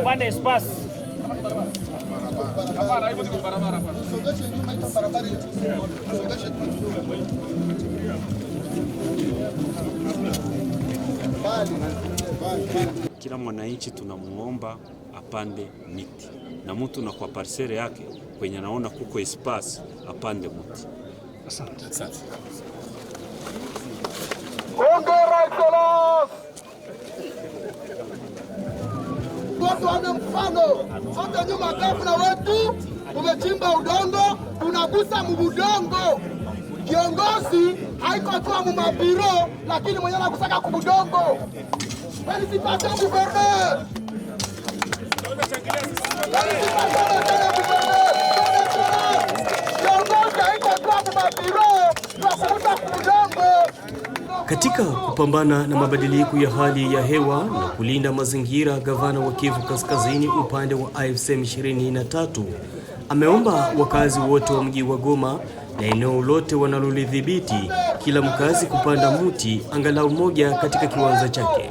upande spas kila mwananchi tunamuomba apande miti na mtu na kwa parsele yake kwenye anaona kuko espasi apande muti Asante. Asante. Ongera mtoto ana mfano hata nyuma. Gavana wetu umechimba udongo, unagusa mubudongo. Kiongozi haiko tu mumabiro, lakini mwenye anakusaka kubudongo. Felicitations gouverneur kiongozi haiko tu mumabiro, tunakugusa kubudongo. Katika kupambana na mabadiliko ya hali ya hewa na kulinda mazingira, gavana wa Kivu Kaskazini upande wa AFC M23 ameomba wakazi wote wa mji wa Goma na eneo lote wanalolidhibiti, kila mkazi kupanda mti angalau moja katika kiwanza chake.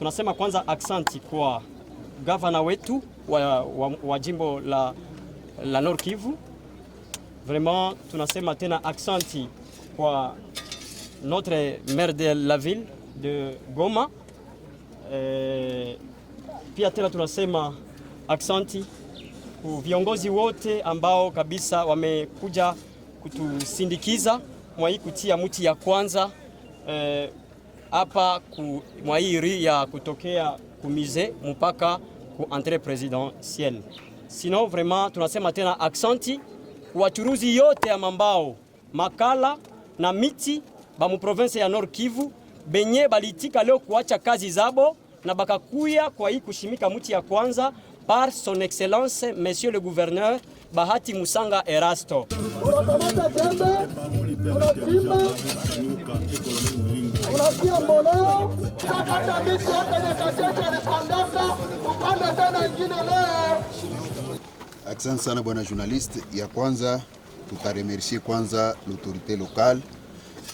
tunasema kwanza aksanti kwa gavana wetu wa, wa, wa jimbo la, la Nord Kivu. Vraiment tunasema tena aksanti kwa notre maire de la ville de Goma. E, pia tena tunasema aksanti kwa viongozi wote ambao kabisa wamekuja kutusindikiza mwa hii kutia mti ya kwanza e, hapa ku hii ya kutokea kumize mpaka ku entre presidentiel. Sino vraiment tunasema tena aksanti wachuruzi yote ya mambao makala na miti ba mu province ya Nord Kivu benye balitika leo kuacha kazi zabo na bakakuya kwa hii kushimika mti ya kwanza par son excellence monsieur le gouverneur Bahati Musanga Erasto unasikia mboleo upande tena ingine leo. Asante sana bwana journaliste. Ya kwanza tutaremercie kwanza l'autorité locale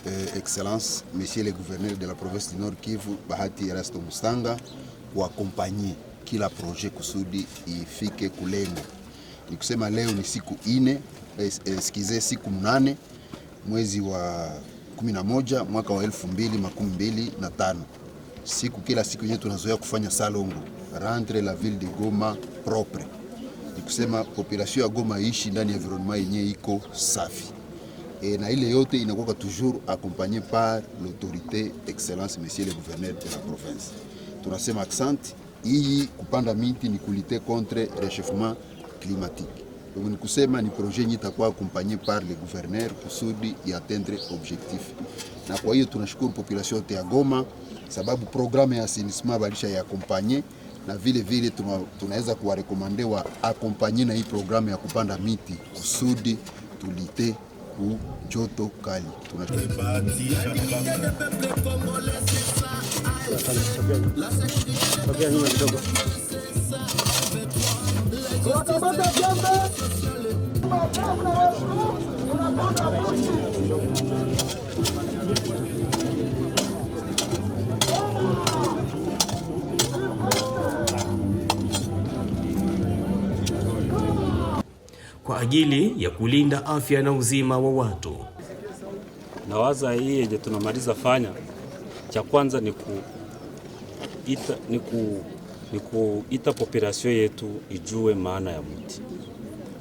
eh, excellence monsieur le gouverneur de la province du Nord Kivu Bahati Erasto Mustanga kuakompanye kila projet kusudi ifike kulengo. Nikusema leo ni siku ine, eskize eh, eh, siku mnane mwezi wa 11 mwaka wa 2025. Siku kila siku yenyewe tunazoea kufanya salongo rentre la ville de Goma propre, ni kusema population ya Goma iishi ndani ya environnement yenyewe iko safi e, na ile yote inakuwa toujours accompagné par l'autorité excellence monsieur le gouverneur de la province. Tunasema accent hii kupanda miti ni kulite contre réchauffement climatique Donc ni kusema ni projet yenye itakuwa accompagne par le gouverneur kusudi iatendre objectif. Na kwa hiyo tunashukuru population yote ya Goma sababu programme ya asinisma balisha ya accompagne na vile vile tuna, tunaweza kuwarekomande wa akompanye na hii programu ya kupanda miti kusudi tulite ku joto kali. Tunashukuru. Kwa ajili ya kulinda afya na uzima wa watu. Na waza hii yenye tunamaliza fanya, cha kwanza ni ita, ni ku ni kuita population yetu ijue maana ya muti.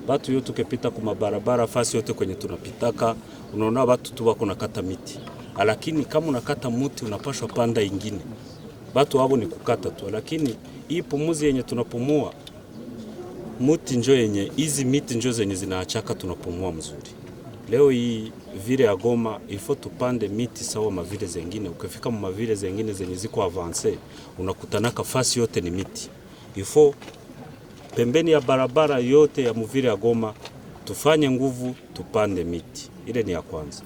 Batu yote tukipita kwa barabara fasi yote kwenye tunapitaka, unaona watu tu wako nakata miti, lakini kama unakata muti unapashwa panda ingine. Batu wao ni kukata tu, lakini hii pumuzi yenye tunapumua muti njo yenye hizi miti njo zenye zinaachaka tunapumua mzuri. Leo hii vile ya Goma ifo tupande miti sawa mavile zengine. Ukifika mavile zengine zenye ziko avanse, unakutanaka fasi yote ni miti. Ifo pembeni ya barabara yote ya mvile ya Goma tufanye nguvu, tupande miti. Ile ni ya kwanza.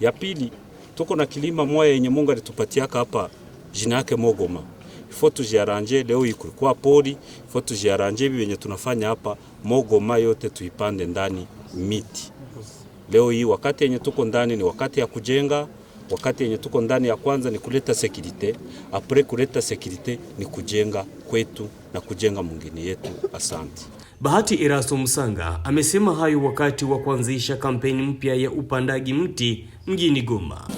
Ya pili, tuko na kilima moya yenye Mungu alitupatiaka hapa, jina yake Mogoma. Ifo tujiaranje, leo hii kulikuwa pori, ifo tujiaranje hivi yenye tunafanya hapa Mogoma yote tuipande ndani miti. Leo hii wakati yenye tuko ndani ni wakati ya kujenga, wakati yenye tuko ndani ya kwanza ni kuleta sekirite, apre kuleta sekirite ni kujenga kwetu na kujenga mwingine yetu. Asante. Bahati Erasto Musanga amesema hayo wakati wa kuanzisha kampeni mpya ya upandaji mti mjini Goma.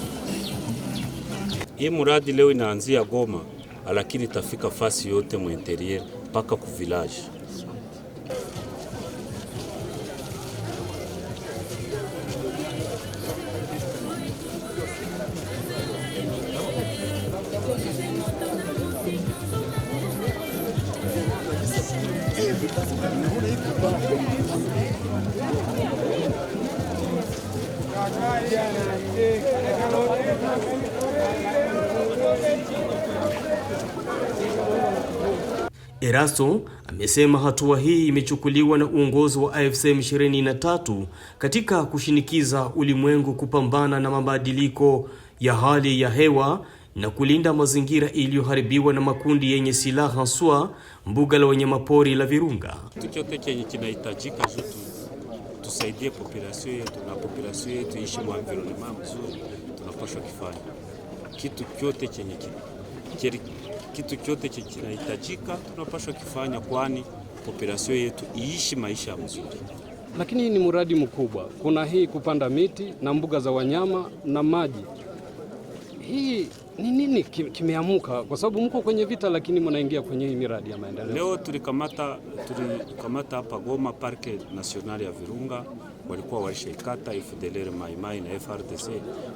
Hii muradi leo inaanzia Goma, lakini itafika fasi yote mu interieur mpaka ku village. Erasto amesema hatua hii imechukuliwa na uongozi wa AFC M23 katika kushinikiza ulimwengu kupambana na mabadiliko ya hali ya hewa na kulinda mazingira iliyoharibiwa na makundi yenye silaha haswa mbuga la wanyamapori la Virunga. Kitu chote chenye kinahitajika zutu tusaidie population yetu na population yetu ishi mu environment mzuri. Tunapaswa kifanya kitu kyote chenye kiri, kitu kyote kinahitajika, tunapaswa kifanya kwani population yetu iishi maisha mzuri. Lakini hii ni mradi mkubwa, kuna hii kupanda miti na mbuga za wanyama na maji hii ni nini kimeamuka? Kwa sababu mko kwenye vita, lakini mnaingia kwenye hii miradi ya maendeleo. Leo tulikamata tulikamata hapa Goma Parke National ya Virunga, walikuwa walishaikata FDLR Maimai na FRDC,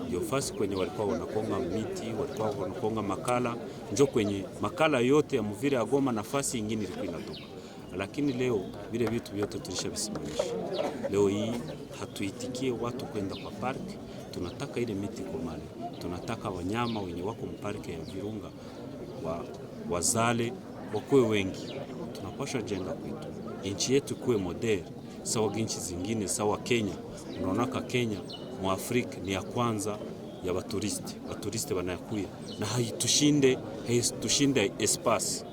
ndio fasi kwenye walikuwa wanakonga miti, walikuwa wanakonga makala, njo kwenye makala yote ya muvire ya Goma, fasi ingine ilikuwa inatoka lakini leo vile vitu vyote tulishavisimamisha. Leo hii hatuitikie watu kwenda kwa parki tunataka ile miti komale, tunataka wanyama wenye wako mparke ya Virunga wa, wazale wakuwe wengi. Tunapasha jenga kwetu nchi yetu kuwe modern sawa nchi zingine, sawa Kenya. Unaonaka Kenya mwa Afrika ni ya kwanza ya baturisti, baturisti wanayakuya na haitushinde, haitushinde espace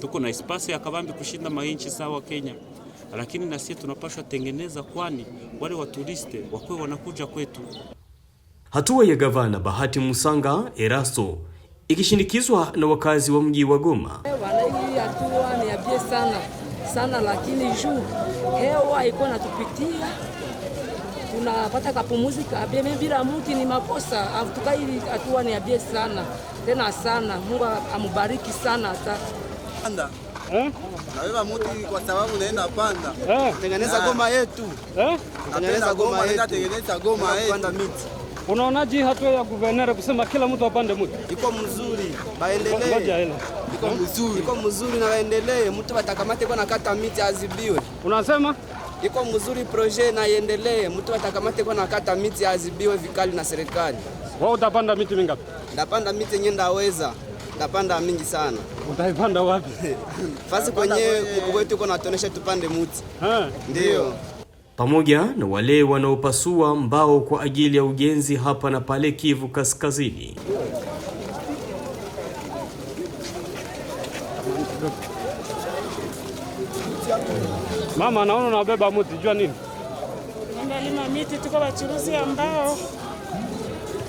Tuko na espace ya kabambi kushinda mainchi sawa Kenya, lakini na sisi tunapaswa tengeneza, kwani wale waturiste wakwe wanakuja kwetu. Hatua ya gavana Bahati Musanga Erasto ikishindikizwa na wakazi wa mji wa Goma. Hii hatua ni yabie sana sana, lakini juu hewa iko natupitia, tunapata kapumuzi kabie bila muti ni makosa. Atuka hii hatua ni yabie sana tena sana. Mungu amubariki sana hata Anda. Eh? Naweva muti kwa sababu naenda panda eh, tengeneza eh. goma yetu eh, tengeneza goma yetu, tengeneza goma yetu, panda miti Unaonaje hatua ya guvernera kusema kila mtu apande mti? Iko mzuri, baendelee. Iko hmm? mzuri. Iko mzuri na waendelee, mtu watakamate kwa nakata miti azibiwe. Unasema? Iko mzuri proje na iendelee, mtu watakamate kwa nakata miti azibiwe vikali na serikali. Wewe utapanda miti mingapi? Ndapanda miti yenye ndaweza. Ndapanda mingi sana. Utaipanda wapi? Fasi kwenye wetu uko natonesha tupande mti. ndiyo Ndio pamoja na wale wanaopasua mbao kwa ajili ya ujenzi hapa na pale Kivu Kaskazini. Mama, naona unabeba mti, jua nini? lima miti, tuko wachuruzi ambao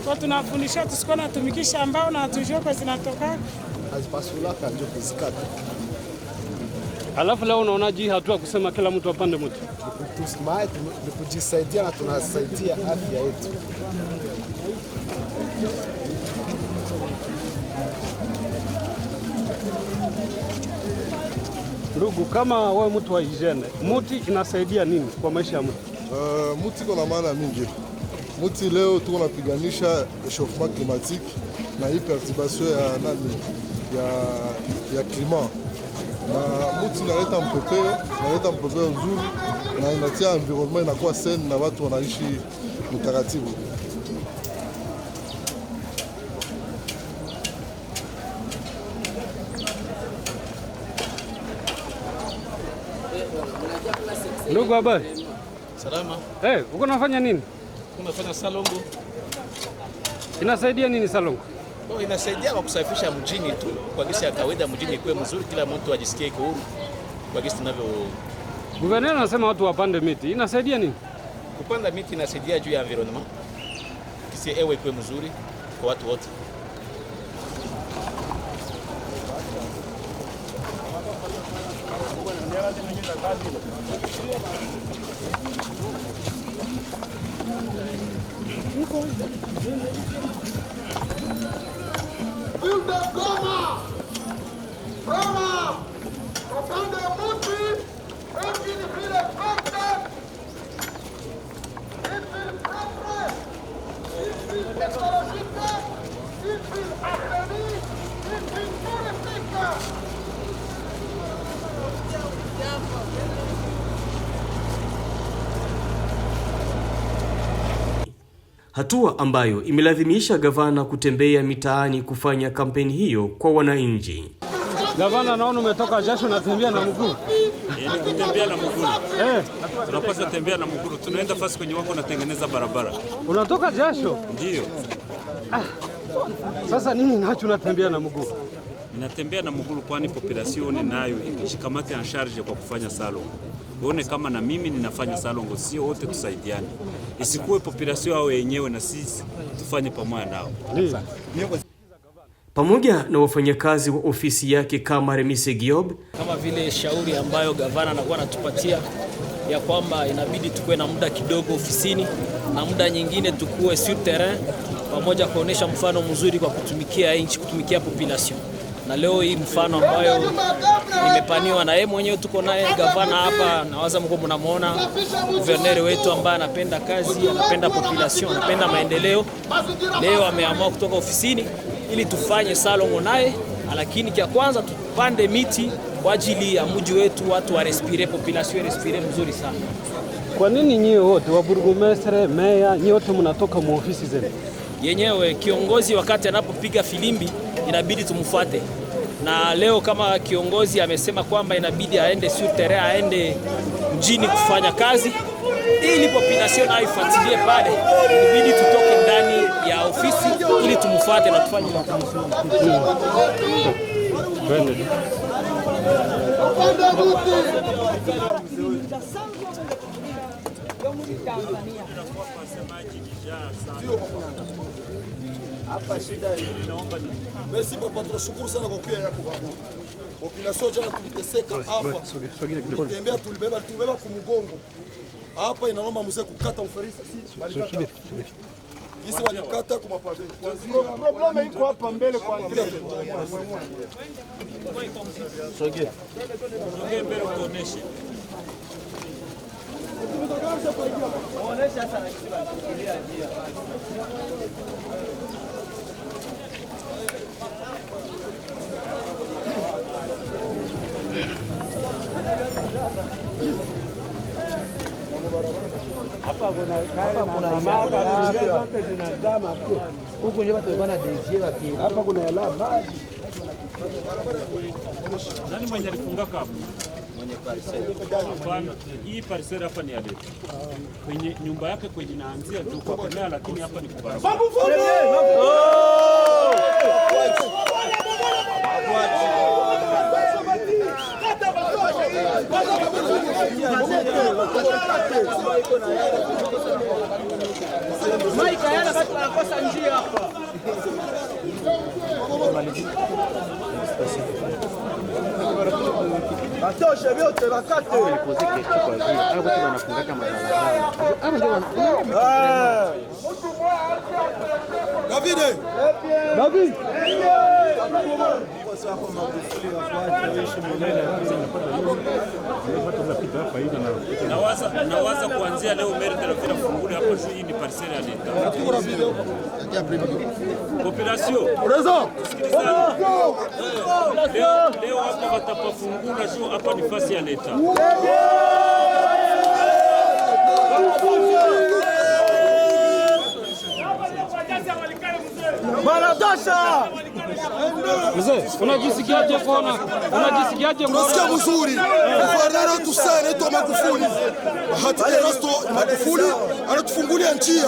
kwa tunafundisha tusikuwa natumikisha ambao na tujue kwa zinatoka azipasulaka ndio kuzikata. Alafu leo unaonaje hatua kusema kila mtu apande mti? tusimae ni kujisaidia na tunasaidia afya yetu. Ndugu, kama wewe mtu wa hijene, muti inasaidia nini kwa maisha ya mtu? Uh, muti kona maana mingi. Muti leo tuko napiganisha echauffement climatique na hyperturbation ya nani ya, ya climat na buti naleta mpepeo, naleta mpepe nzuri na inatia environnement inakuwa seni na watu wanaishi utaratibu. Ndugu, habari? Salama. Eh, uko nafanya nini? Unafanya salongo. Inasaidia nini salongo? Kwa inasaidia kwa kusafisha mjini tu kwa gisi ya kawaida, mjini ikuwe mzuri, kila mtu ajisikie iko huru kwa gisi tunavyo. Guverneur anasema watu wapande miti, inasaidia nini? Kupanda miti inasaidia juu ya environment, kisi ewe ikuwe mzuri kwa watu wote. hatua ambayo imelazimisha gavana kutembea mitaani kufanya kampeni hiyo kwa wananchi. Gavana, naona umetoka jasho, unatembea na mguu. Eh, kutembea na mguu. Eh, tunapaswa tembea na mguu. Tunaenda fasi kwenye wako natengeneza barabara. Unatoka jasho? Ndio. Ah, sasa nini nacho unatembea na mguu? Ninatembea na mguu kwani population nayo ikijikamata en charge kwa kufanya salon uone kama na mimi ninafanya salongo, sio wote tusaidiane, isikuwe population yao wenyewe na sisi tufanye pamoja nao pamoja na wafanyakazi wa ofisi yake kama Remise Giob, kama vile shauri ambayo gavana anakuwa anatupatia ya kwamba inabidi tukuwe na muda kidogo ofisini na muda nyingine tukuwe sur terrain pamoja, kuonesha mfano mzuri kwa kutumikia nchi, kutumikia population na leo hii mfano ambayo imepaniwa na yeye mwenyewe, tuko naye gavana hapa, nawaza mko mnamuona guverneri wetu ambaye anapenda kazi, anapenda population, anapenda maendeleo. Leo ameamua kutoka ofisini ili tufanye salongo naye, lakini cha kwanza tupande miti kwa ajili ya mji wetu, watu wa respire, population respire mzuri sana. Kwa nini nyie wote wa burgomestre, meya, nyie wote mnatoka mu ofisi zenu yenyewe? Kiongozi wakati anapopiga filimbi inabidi tumfuate na leo kama kiongozi amesema kwamba inabidi aende sur terrain, aende mjini kufanya kazi ili population aifuatilie pale, inabidi tutoke ndani ya ofisi ili tumfuate na tufanye hapa shida inaomba nini? Merci papa, tunashukuru sana kwa kuja yako baba. Population jana tuliteseka hapa. Tulitembea tulibeba tulibeba kumgongo. Hapa inaomba mzee kukata ufarisi sisi. walikata kwa Problem iko hapa mbele kwa Andre. Sogea. Sogea mbele tuoneshe. Onesha sana kitu. Hapa kuna hela maji. Nani mwenye alifunga kapu? Mwenye parsela. Hii parsela hapa ni ya leo. Kwenye nyumba yake kwenye inaanzia tu kwa kuna lakini hapa ni kwa barabara. Maika yana batu wanakosa njia hapa. Batoshe vyote bakate. Walipoze kesho David aí! David! Você vai formar um filho, a parte, ishi milele. Nawaza nawaza kuanzia leo Meri Taravira fungule hapo juu, hii ni parcela ya leta. Natukura video. Population. Prezo. Leo hapa watapafungula juu hapa ni fasi ya leta. Wanatosha. Mzee, unajisikiaje kuona? Unajisikiaje kuona? Unasikia mzuri. Eh. Mfanano tusane tu Magufuli. Hata leo Magufuli anatufungulia njia.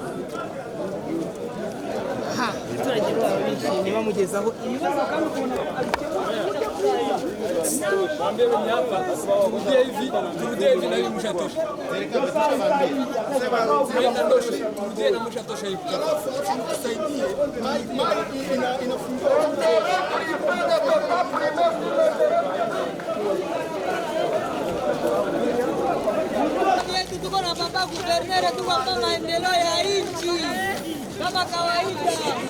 abaturage baba bishimye bamugezaho ibibazo kandi ukuntu tuko na baba guvernere, tuko kwa maendeleo ya nchi kama kawaida.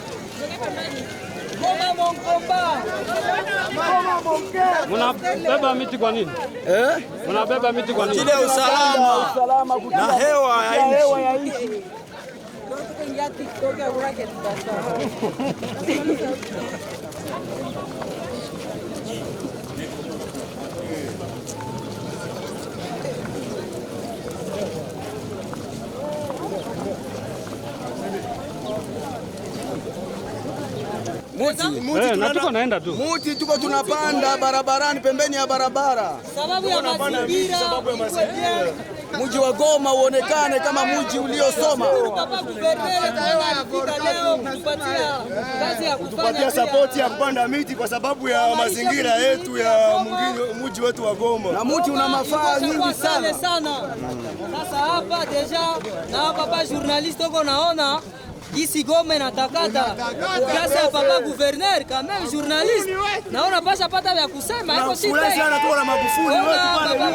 Munabeba miti kwa nini? Eh? Munabeba miti kwa nini? Ile usalama na hewa ya nchi. Eh, tuko naenda tu muti, tuko tunapanda barabarani, pembeni ya barabara, sababu ya mazingira mji wa Goma uonekane kama mji uliosoma. Tupatia sapoti ya kupanda miti kwa sababu ya mazingira yetu ya mji wetu wa Goma, na muti una mafaa nyingi sana. Sasa hapa deja na pa journalist uko naona Gisi na takata kasa ya papa guverner kama journaliste naona pasha pata vya kusema hapo. Si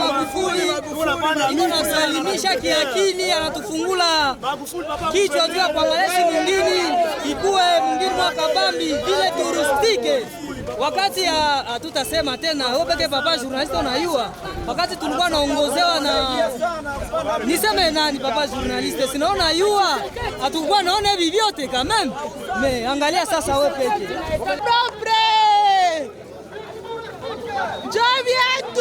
Magufuli inasalimisha kiakili, anatufungula kichwa juu ya kuangalia mwingine ikue mwingine kabambi vile turistike wakati ya hatutasema tena peke papa journalist, unayua wakati tulikuwa naongozewa na niseme nani papa journalist, sinaona yua hatukuwa naona hivi vyote kameme me angalia sasa we peke propre job yetu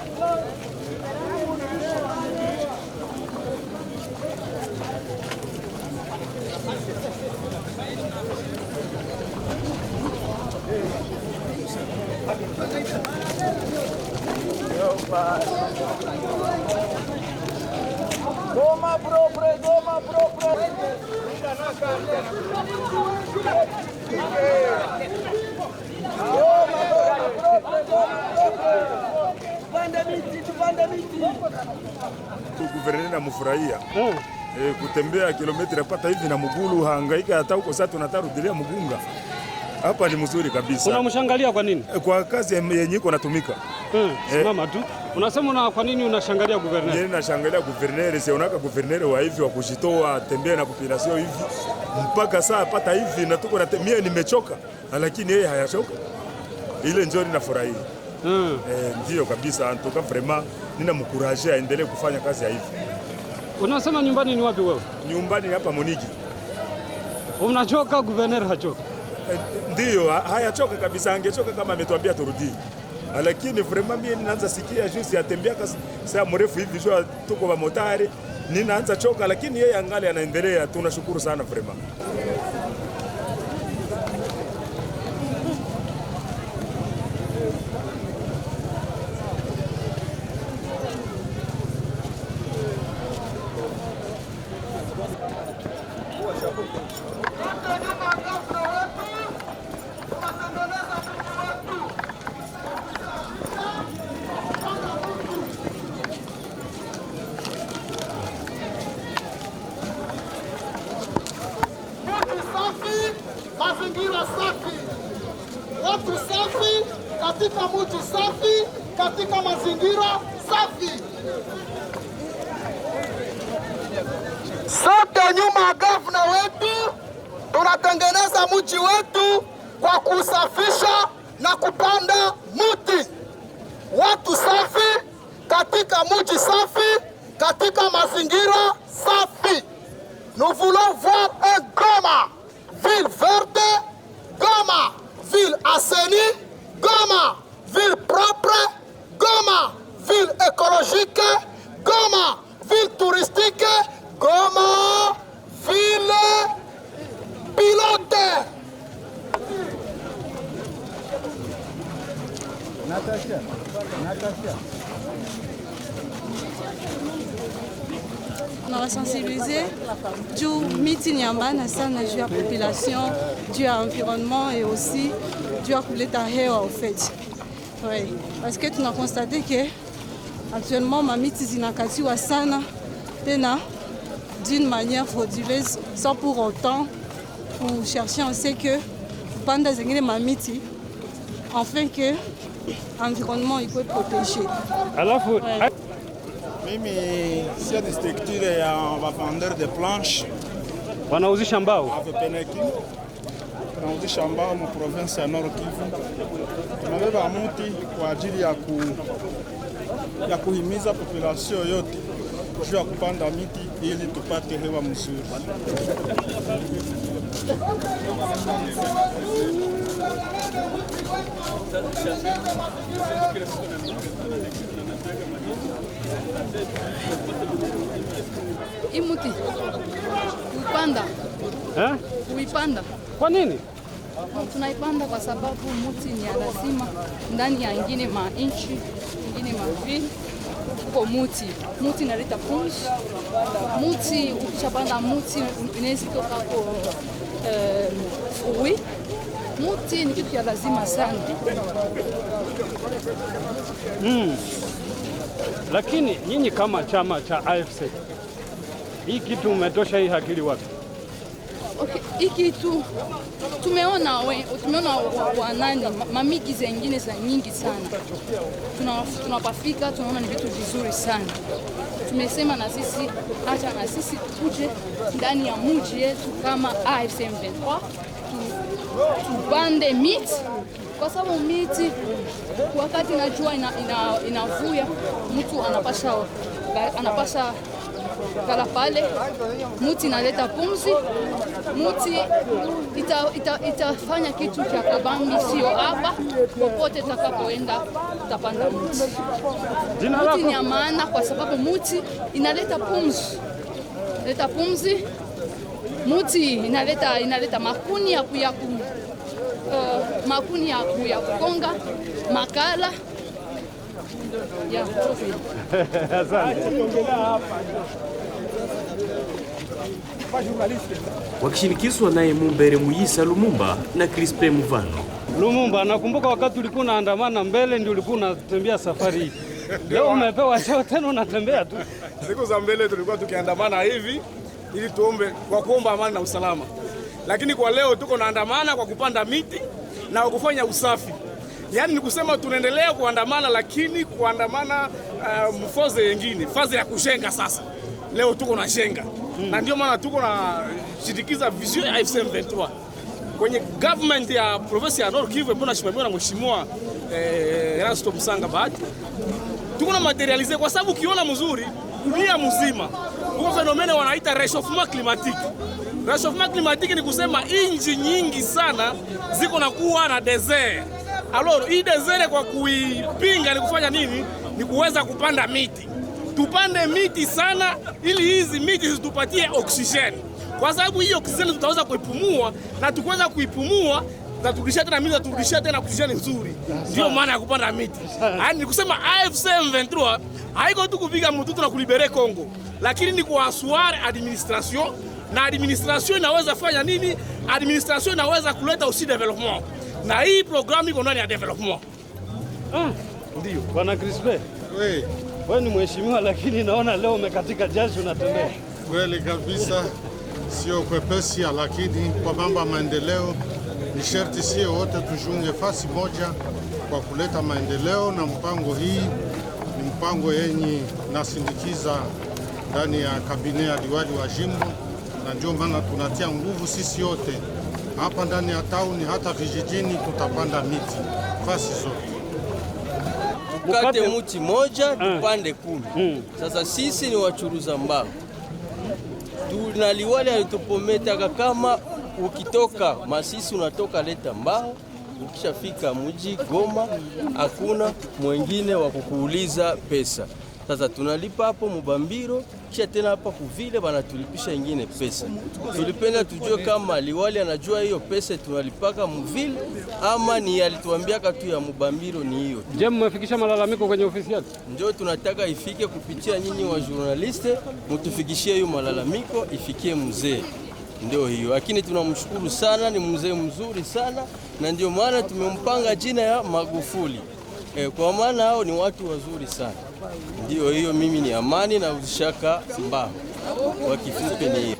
Toma propria, toma própria. Mira na carne. Toma propria, toma propria. Guverneri namufurahia mm. Eh. E, eh, kutembea kilomita pata hivi na mugulu hangaika hata huko sasa tunatarudilia Mugunga hapa ni mzuri kabisa. Unamshangalia kwa nini? Eh, kwa kazi yenye iko natumika. Mm. E, mama tu unasema na kwa nini unashangalia guverneri? Yeye nashangalia guverneri, sionaka guverneri wa hivi wa kujitoa tembea na population hivi mpaka saa pata hivi na tuko na mimi nimechoka, lakini yeye hayachoka. Ile njori nafurahia mm. Eh, ndio kabisa antoka vrema, nina mkuraje aendelee kufanya kazi ya hivi. Unasema nyumbani ni wapi wewe? Nyumbani hapa Moniki. Unachoka, guverner hachoka? Eh, ndio hayachoka kabisa, angechoka kama ametuambia turudi ah, lakini vraiment mimi ninaanza sikia juzi atembea saa mrefu hivi jua tuko wa motari, ninaanza choka, lakini yeye angali anaendelea. Tunashukuru sana vraiment. safi, watu safi, katika mtu safi, katika mazingira safi. Sote nyuma ya gavana wetu tunatengeneza mji wetu kwa kusafisha na kupanda muti Watu safi katika mji safi, katika mazingira safi. Nous voulons voir un Goma, ville verte Goma, ville assainie, Goma, ville propre, Goma, ville écologique, Goma, ville touristique, Goma, ville pilote. sensibiliser du sensibilisé ni amana sana du population, du à environnement et aussi à l'état kuleta hewa ufeti oui. Parce que constaté que actuellement mamiti wa sana tena d'une manière frauduleuse sans pour autant sait que pendant kupanda des mamiti enfin que environnement être protégé. alors Mimi sio structure ya euh, wavendeur de planche, wanauzisha mbao tunauzisha ah, mbao mu province ya Nord Kivu. Tunabeba muti kwa ajili ya, ku, ya kuhimiza population yote juu ya kupanda miti ili tupate hewa mzuri. Imuti uipanda eh? Uipanda kwa nini? Tunaipanda kwa sababu muti ni ya lazima ndani ya ngine ma inchi ngine mavili uko muti muti inaleta punji. Muti ukishapanda muti inaweza toka kwa eh, uh, fruit muti ni kitu cha lazima sana mm. Lakini nyinyi kama chama cha AFC hii kitu umetosha hii hakili wapi? Okay, hii kitu tumeona we, tumeona wanani mamiki zengine za nyingi sana, tunapafika tuna tunaona ni vitu vizuri sana. Tumesema na sisi hata na sisi tuje ndani ya muji yetu kama AFC M23 tupande miti, kwa sababu miti wakati na jua inavuya ina, ina mtu anapasha, anapasha kala pale, muti inaleta pumzi, muti itafanya ita, ita kitu cha kabambi. Sio hapa popote takapoenda utapanda muti. Muti ni maana kwa sababu muti inaleta pumzi, leta pumzi, muti inaleta, inaleta makuni ya kuyaku makuni ya kukonga makala ya wakishinikizwa naye Mumbere Muyisa Lumumba na Crispe Muvano. Lumumba, nakumbuka wakati ulikuwa unaandamana mbele, ndio ulikuwa unatembea safari. Leo umepewa cheo tena unatembea tu. Siku za mbele tulikuwa tukiandamana hivi ili tuombe kwa kuomba amani na usalama, lakini kwa leo tuko naandamana kwa kupanda miti na wakufanya usafi. Yaani ni kusema tunaendelea kuandamana, lakini kuandamana uh, mfoze yengine fazi ya kushenga. Sasa leo tuko na shenga hmm, na ndio maana tuko na shirikiza vision ya AFC M23 kwenye government ya province ya Nord Kivu ambayo inasimamiwa na mheshimiwa eh, Erasto Bahati, tuko na materialize kwa sababu ukiona mzuri dunia mzima kwa fenomene wanaita réchauffement climatique Rechauffement climatique ni kusema inji nyingi sana ziko na kuwa na desert. Alors hii desert kwa kuipinga ni kufanya nini? Ni kuweza kupanda miti. Tupande miti sana ili hizi miti zitupatie oksijeni, kwa sababu hii oksijeni tutaweza kuipumua na tukiweza kuipumua na taturudishia tena miti, taturudishia tena oksijeni nzuri. Ndio maana ya kupanda miti. Yaani ni kusema AFC M23 haiko tu kupiga mtutu na kulibere Kongo, lakini ni kwa kuasuare administration na administration inaweza fanya nini? Administration inaweza kuleta usi development, na hii programu iko ndani ya development. Ah, ndio bwana Crispe, wewe wewe ni mheshimiwa, lakini naona leo umekatika jasho unatembea. Kweli kabisa, sio kwepesi, lakini kwa mambo ya maendeleo ni sherti sio wote tujunge fasi moja kwa kuleta maendeleo, na mpango hii ni mpango yenye nasindikiza ndani ya kabine ya diwali wa jimbo na ndio maana tunatia nguvu sisi yote hapa ndani ya tauni, hata vijijini tutapanda miti fasi zote. Tukate muti moja ah. tupande kumi. Hmm. Sasa sisi ni wachuruza mbao, tunaliwali alitupometaka kama ukitoka Masisi unatoka leta mbao ukishafika mji Goma, hakuna mwengine wa kukuuliza pesa. Sasa tunalipa hapo Mubambiro, kisha tena hapa kuvile wanatulipisha ingine pesa. Tulipenda tujue kama liwali anajua hiyo pesa tunalipaka muvile ama ni alituambiaka tu ya Mubambiro ni hiyo. Je, mmefikisha malalamiko kwenye ofisi yake? Ndio tunataka ifike kupitia nyinyi wa journaliste, mutufikishie hiyo malalamiko ifikie mzee. Ndio hiyo, lakini tunamshukuru sana, ni mzee mzuri sana, na ndio maana tumempanga jina ya Magufuli e, kwa maana hao ni watu wazuri sana. Ndiyo hiyo, mimi ni Amani na Ushaka Mbangu, kwa kifupi ni hiyo.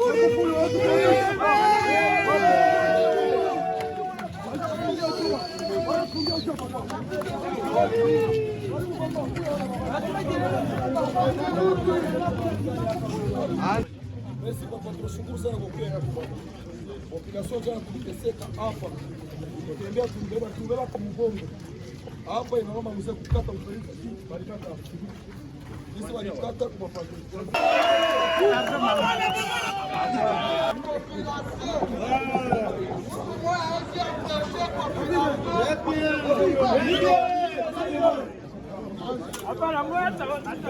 Tunashukuru sana kwa kile hapa, kutembea tumbeba tumbeba kumgongo hapa inaomba kukata mfereji walikata sisi walikata kwa Hapana, mwacha hata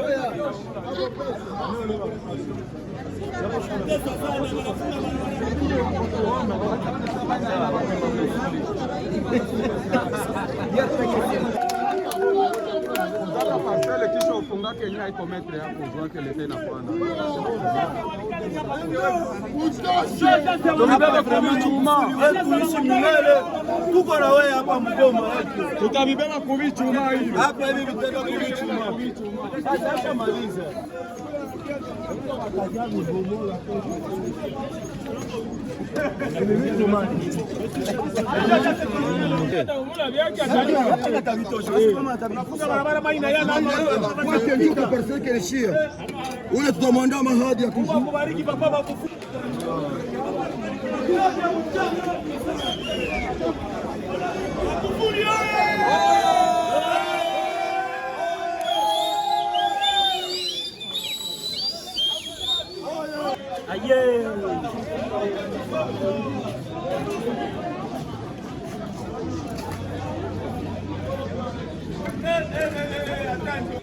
wake yenyewe haiko metre yako uzu wake leta inafana. Tulibeba tuko na wewe hapa Mgoma, tutabibeba kuvichuma hapa hivi vitendo kuvichuma. Sasa acha maliza Andiko perseke lishia ule, tutamwandaa mahadi ya